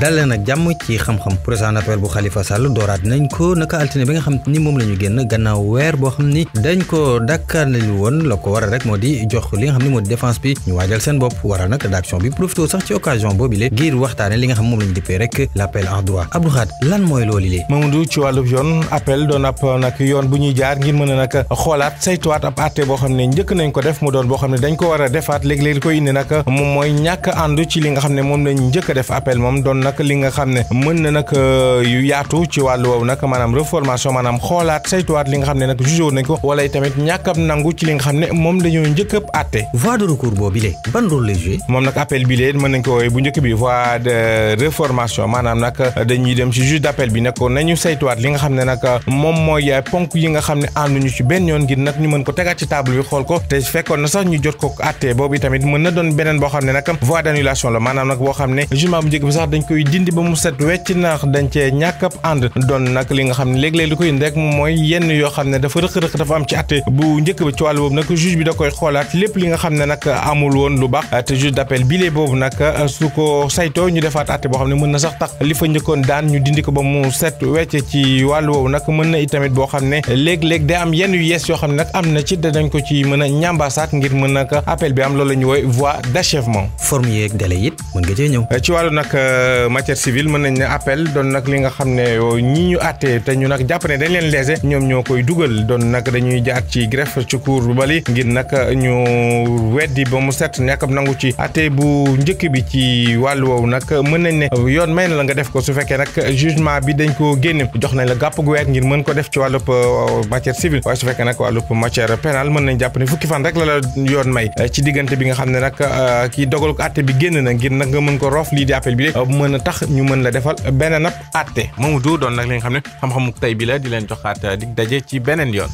dalee nag jàmm ci xam-xam procès en appel bu Khalifa Sall dooraat nañ ko naka altine bi nga xam ni moom la ñu génn gannaaw weer boo xam ni dañ ko dakkaanali woon la ko moo di jox li nga xam ni moo di défense bi ñu waajal seen l' appel en droit Abdou Khad lan mooy a nag xoolaat saytuwaat ab àtte boo xam ne njëkk nañ ko def mu doon boo xam ne dañ ko war a defaat léeg-léeg ko indi nag moom mooy ñàkk àndu ci li nga xam ne moom lañ njëkk a def appel moom nag li nga xam ne mën na nag euh, yu yaatu ci wàllu woowu nag maanaam reformation maanaam xoolaat saytuwaat li nga xam ne nag jugé nañ ko wala tamit ñàkkab nangu ci li nga xam ne moom la ñoo njëkkab àtte voie de recours boobu lee bi lee mën nañ ko woowee li nga xam ne nag moom mooy ponk yi nga xam ne ànduñu ci benn yoon ngir nag ñu mën ko tegaat ci table bi xool ko te fekkoon na sax ñu jot ko àtte boobu tamit mën na doon beneen boo xam ne nag voie d' annulation maanaam nag boo xam ne jugement bu njëkk bi sax dañ ko koy dindi ba mu set wecc naax dañ cee ñàkk ab ànd doon nag li nga xam ne léeg-léeg li koy indi rek moom mooy yenn yoo xam ne dafa rëq-rëq dafa am ci àtte bu njëkk bi lépp li nga xam ne nag woon lu baax te juge d'appel bi lee boobu nag su ko saytoo ñu defaat àtte boo xam ne mën na sax tax li fa njëkkoon daan ñu dindi ko ba mu set wecc ci wàll woowu nag mën na itamit boo xam ne léegi léeg day am yenn yu yees yoo xam ne nag am na ci da dañ ko ci mën a ñàmbaasaat ngir mën nag appel bi am lool la ñu woy voie d'achèvement forme yeeg délai it mën nga cee ñëw ci wàllu nag matière civile mën nañ ne appel doon nag li nga xam ne ñi ñu àttee te ñu nag jàpp ne dañ leen léser ñoom ñoo koy dugal doon nag dañuy jaar ci greffe ci cour bu bali ngir nag ñu weddi ba mu set ñàkkam nangu ci àtte bu njëkk bi ci wàllu woowu nag mën nañ ne yoon may na la nga def ko su fekkee nag jugement bi dañ koo génne jox nañ la gàpp gu weer ngir mën ko def ci wàllub euh, matière civile waaye su fekkee nag wàllub matière pénale mën nañ jàpp ne fukki fan rek la yoon may ci diggante bi nga xam ne nag euh, kii dogal ko àtte bi génn na ngir nag a tax ñu mën la defal beneen ab àtte Mamadou doon nag li nga xam ne xam-xamu tey bi la di leen joxaat dig daje ci beneen yoon.